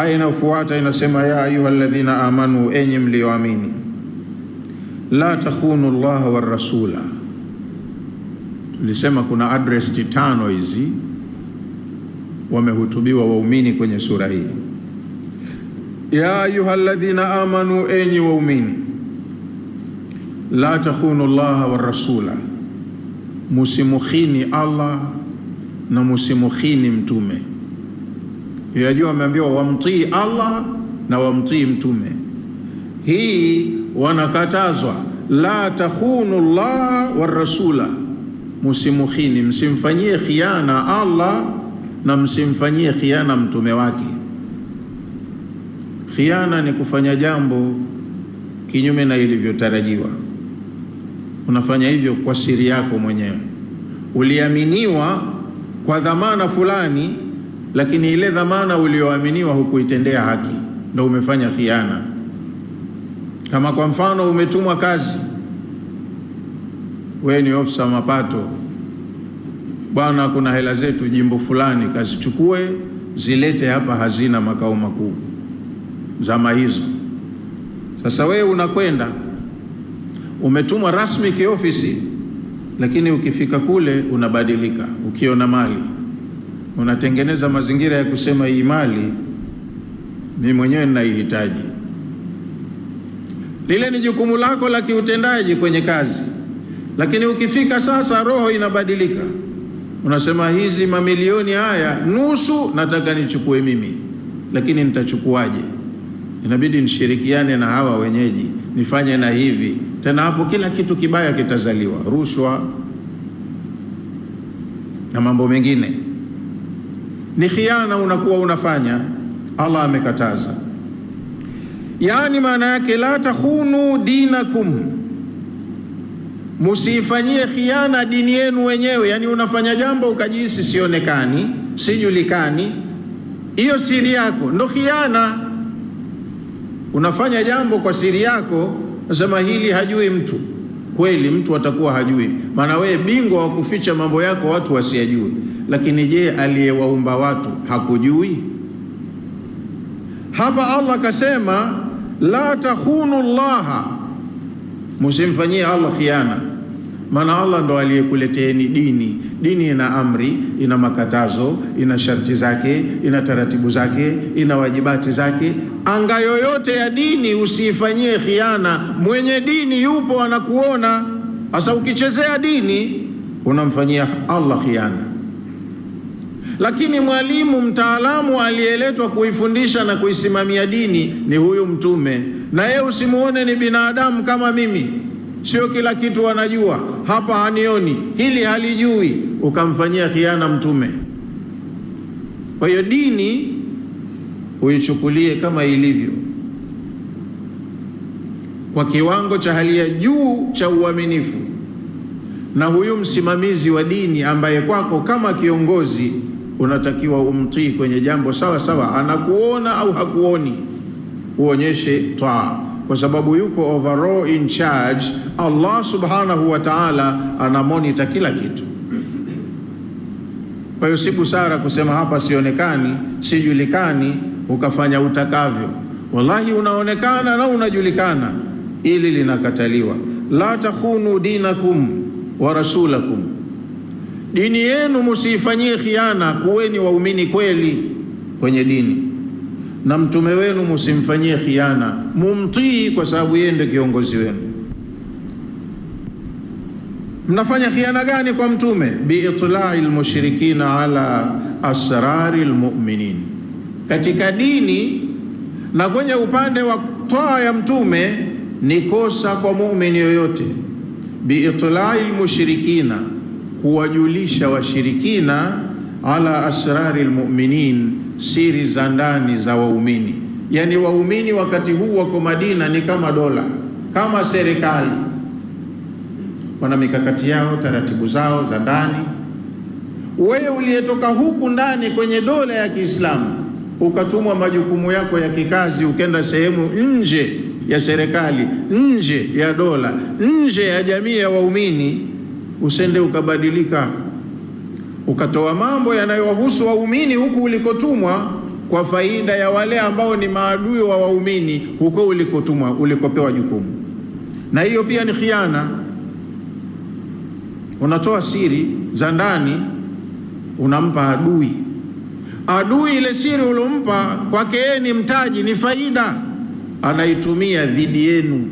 Aya inayofuata inasema, ya ayuha alladhina amanu, enyi mliyoamini, la takhunu llaha wa rasula. Tulisema kuna address tano hizi wamehutubiwa waumini kwenye sura hii. Ya ayuha alladhina amanu, enyi waumini, la takhunu llaha wa rasula, musimukhini Allah na musimukhini mtume yajua wameambiwa wamtii Allah na wamtii mtume. Hii wanakatazwa, la takhunu llaha warasula, musimukhini, msimfanyie khiana Allah na msimfanyie khiana mtume wake. Khiana ni kufanya jambo kinyume na ilivyotarajiwa, unafanya hivyo kwa siri yako mwenyewe. Uliaminiwa kwa dhamana fulani lakini ile dhamana ulioaminiwa hukuitendea haki, ndo umefanya khiana. Kama kwa mfano umetumwa kazi, wewe ni ofisa mapato, bwana, kuna hela zetu jimbo fulani, kazichukue zilete hapa hazina makao makuu, zama hizo. Sasa wewe unakwenda umetumwa rasmi kiofisi, lakini ukifika kule unabadilika, ukiona mali unatengeneza mazingira ya kusema hii mali mimi mwenyewe ninaihitaji. Lile ni jukumu lako la kiutendaji kwenye kazi, lakini ukifika sasa, roho inabadilika, unasema hizi mamilioni haya, nusu nataka nichukue mimi, lakini nitachukuaje? Inabidi nishirikiane na hawa wenyeji, nifanye na hivi tena. Hapo kila kitu kibaya kitazaliwa, rushwa na mambo mengine ni khiana unakuwa unafanya. Allah amekataza, yaani maana yake la takhunu dinakum, musifanyie khiana dini yenu wenyewe. Yaani unafanya jambo ukajihisi sionekani, sijulikani, hiyo siri yako ndo khiana. Unafanya jambo kwa siri yako, nasema hili hajui mtu. Kweli mtu atakuwa hajui, maana wewe bingwa wa kuficha mambo yako watu wasiyajue. Lakini je, aliyewaumba watu hakujui? Hapa Allah kasema la takhunu llaha, musimfanyie Allah khiana, maana Allah ndo aliyekuleteeni dini. Dini ina amri, ina makatazo, ina sharti zake, ina taratibu zake, ina wajibati zake. Anga yoyote ya dini usiifanyie khiana. Mwenye dini yupo anakuona. Sasa ukichezea dini unamfanyia Allah khiana. Lakini mwalimu mtaalamu aliyeletwa kuifundisha na kuisimamia dini ni huyu Mtume, na yeye usimuone ni binadamu kama mimi, sio kila kitu wanajua. Hapa hanioni hili halijui, ukamfanyia khiana Mtume. Kwa hiyo dini uichukulie kama ilivyo, kwa kiwango cha hali ya juu cha uaminifu na huyu msimamizi wa dini ambaye kwako kama kiongozi unatakiwa umtii kwenye jambo sawa sawa, anakuona au hakuoni, uonyeshe taa, kwa sababu yuko overall in charge. Allah subhanahu wa ta'ala anamonita kila kitu. Kwa hiyo si busara kusema hapa sionekani, sijulikani, ukafanya utakavyo. Wallahi, unaonekana na unajulikana, ili linakataliwa. La takhunu dinakum wa rasulakum dini yenu musiifanyie khiana, kuweni waumini kweli kwenye dini, na mtume wenu musimfanyie khiana, mumtii kwa sababu yeye ndio kiongozi wenu. Mnafanya khiana gani kwa mtume? biitlai lmushrikina ala asrari lmuminin, katika dini na kwenye upande wa toa ya mtume ni kosa kwa muumini yoyote. biitlai lmushrikina kuwajulisha washirikina ala asrari lmuminin, siri za ndani za waumini. Yani waumini wakati huu wako Madina ni kama dola, kama serikali, wana mikakati yao, taratibu zao za ndani. Wewe uliyetoka huku ndani kwenye dola ya Kiislamu ukatumwa majukumu yako ya kikazi, ukenda sehemu nje ya serikali, nje ya dola, nje ya jamii ya waumini usende ukabadilika ukatoa mambo yanayowahusu waumini huku ulikotumwa kwa faida ya wale ambao ni maadui wa waumini huko ulikotumwa ulikopewa jukumu. Na hiyo pia ni khiana. Unatoa siri za ndani unampa adui. Adui ile siri uliompa kwake yeye ni mtaji, ni faida, anaitumia dhidi yenu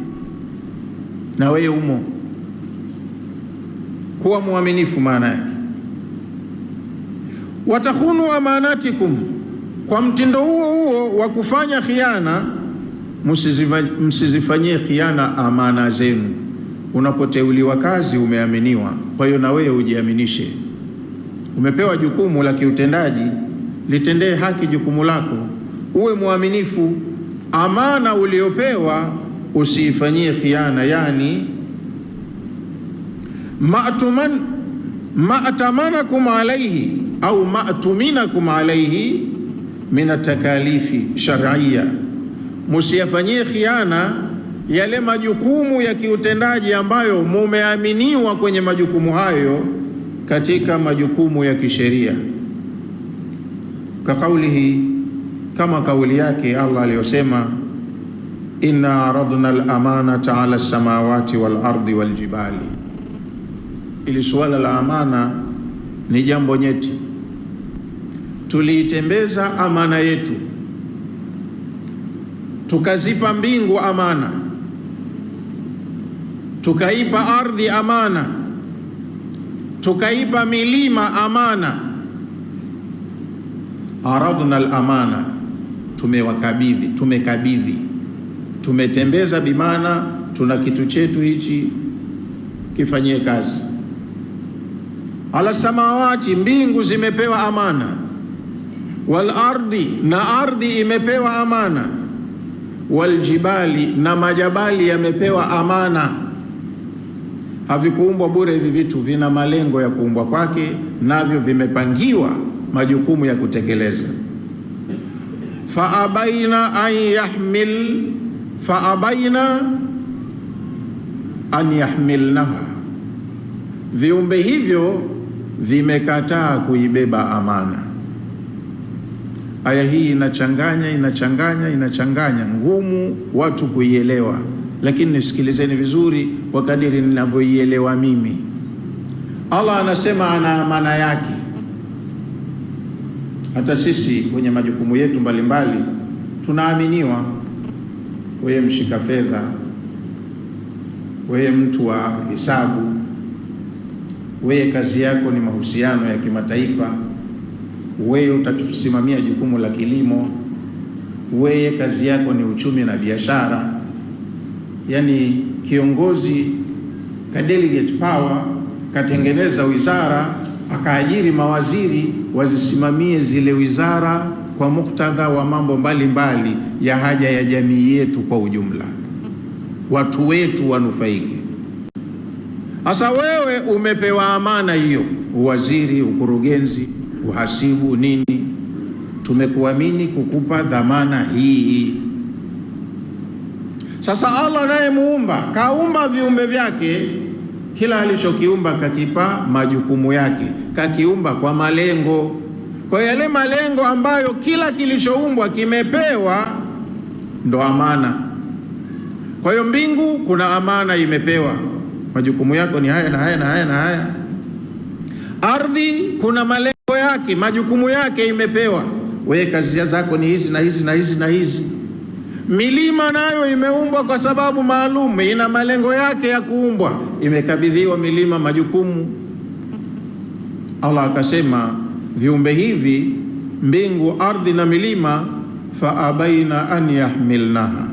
na wewe umo kuwa mwaminifu maana yake. Watakhunu amanatikum, kwa mtindo huo huo wa kufanya khiana msizifanyie khiana amana zenu. Unapoteuliwa kazi umeaminiwa, kwa hiyo na wewe ujiaminishe. Umepewa jukumu la kiutendaji, litendee haki jukumu lako, uwe mwaminifu. Amana uliopewa usiifanyie khiana, yani ma'tuman ma'tamanakum alayhi au ma'tuminakum alayhi min atakalifi shar'iyya, musiyafanyie khiana yale majukumu ya kiutendaji ambayo mumeaminiwa kwenye majukumu hayo katika majukumu ya kisheria, kakaulihi, kama kauli yake Allah aliyosema inna aradna al-amanata ala samawati wal ardi wal jibali ili suala la amana ni jambo nyeti. Tuliitembeza amana yetu, tukazipa mbingu amana, tukaipa ardhi amana, tukaipa milima amana. Aradna al-amana, tumewakabidhi, tumekabidhi, tumetembeza, bimana tuna kitu chetu hichi, kifanyie kazi ala samawati, mbingu zimepewa amana, wal ardi, na ardhi imepewa amana, waljibali, na majabali yamepewa amana. Havikuumbwa bure, hivi vitu vina malengo ya kuumbwa kwake, navyo vimepangiwa majukumu ya kutekeleza. faabaina an yahmil faabaina an yahmilnaha, viumbe hivyo vimekataa kuibeba amana. Aya hii inachanganya inachanganya inachanganya, ngumu watu kuielewa, lakini nisikilizeni vizuri kwa kadiri ninavyoielewa mimi. Allah anasema ana amana yake. Hata sisi kwenye majukumu yetu mbalimbali tunaaminiwa. Wewe mshika fedha, wewe mtu wa hesabu wewe kazi yako ni mahusiano ya kimataifa, wewe utatusimamia jukumu la kilimo, wewe kazi yako ni uchumi na biashara. Yaani kiongozi ka delegate power katengeneza wizara akaajiri mawaziri wazisimamie zile wizara kwa muktadha wa mambo mbalimbali mbali ya haja ya jamii yetu kwa ujumla, watu wetu wanufaike. Sasa wewe umepewa amana hiyo, uwaziri, ukurugenzi, uhasibu, nini, tumekuamini kukupa dhamana hii. Sasa Allah naye muumba, kaumba viumbe vyake, kila alichokiumba kakipa majukumu yake, kakiumba kwa malengo, kwa yale malengo ambayo kila kilichoumbwa kimepewa, ndo amana. Kwa hiyo mbingu kuna amana imepewa majukumu yako ni haya na haya na haya na haya. Ardhi kuna malengo yake, majukumu yake imepewa wewe, kazi zako ni hizi na hizi na hizi na hizi. Milima nayo imeumbwa kwa sababu maalum, ina malengo yake ya kuumbwa, imekabidhiwa milima majukumu. Allah akasema viumbe hivi, mbingu, ardhi na milima, faabaina an yahmilnaha,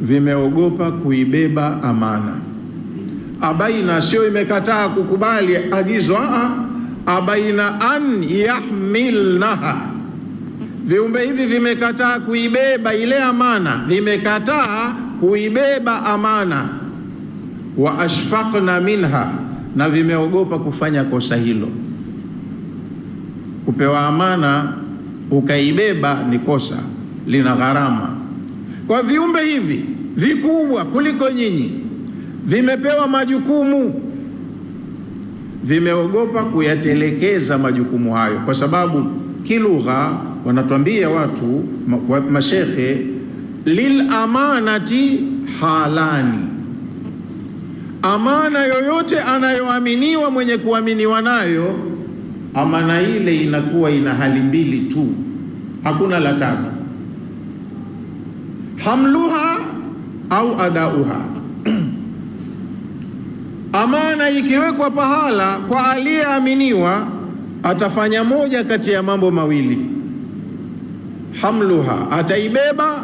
vimeogopa kuibeba amana abaina sio imekataa kukubali agizo a abaina an yahmilnaha, viumbe hivi vimekataa kuibeba ile amana, vimekataa kuibeba amana. Wa ashfaqna minha, na vimeogopa kufanya kosa hilo. Kupewa amana ukaibeba ni kosa, lina gharama kwa viumbe hivi vikubwa kuliko nyinyi vimepewa majukumu, vimeogopa kuyatelekeza majukumu hayo, kwa sababu kilugha wanatuambia watu mashekhe, lil amanati halani, amana yoyote anayoaminiwa mwenye kuaminiwa nayo, amana ile inakuwa ina hali mbili tu, hakuna la tatu, hamluha au adauha Amana ikiwekwa pahala kwa aliyeaminiwa, atafanya moja kati ya mambo mawili, hamluha, ataibeba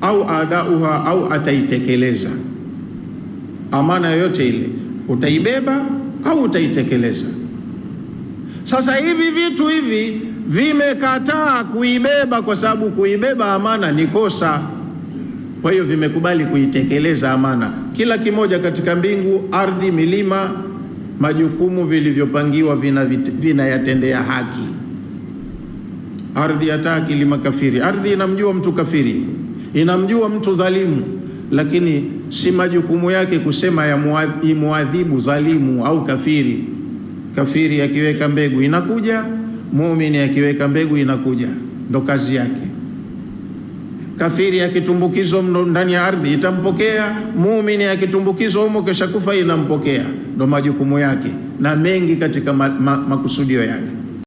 au adauha, au ataitekeleza. Amana yoyote ile utaibeba au utaitekeleza. Sasa hivi vitu hivi vimekataa kuibeba, kwa sababu kuibeba amana ni kosa, kwa hiyo vimekubali kuitekeleza amana kila kimoja katika mbingu, ardhi, milima, majukumu vilivyopangiwa vinayatendea vina haki. Ardhi yataa kilima kafiri, ardhi inamjua mtu kafiri, inamjua mtu dhalimu, lakini si majukumu yake kusema imuadhibu dhalimu au kafiri. Kafiri akiweka mbegu inakuja, muumini akiweka mbegu inakuja, ndo kazi yake. Kafiri akitumbukizwa ndani ya ardhi itampokea, muumini akitumbukizwa humo kisha kufa inampokea. Ndo majukumu yake na mengi katika ma, ma, makusudio yake.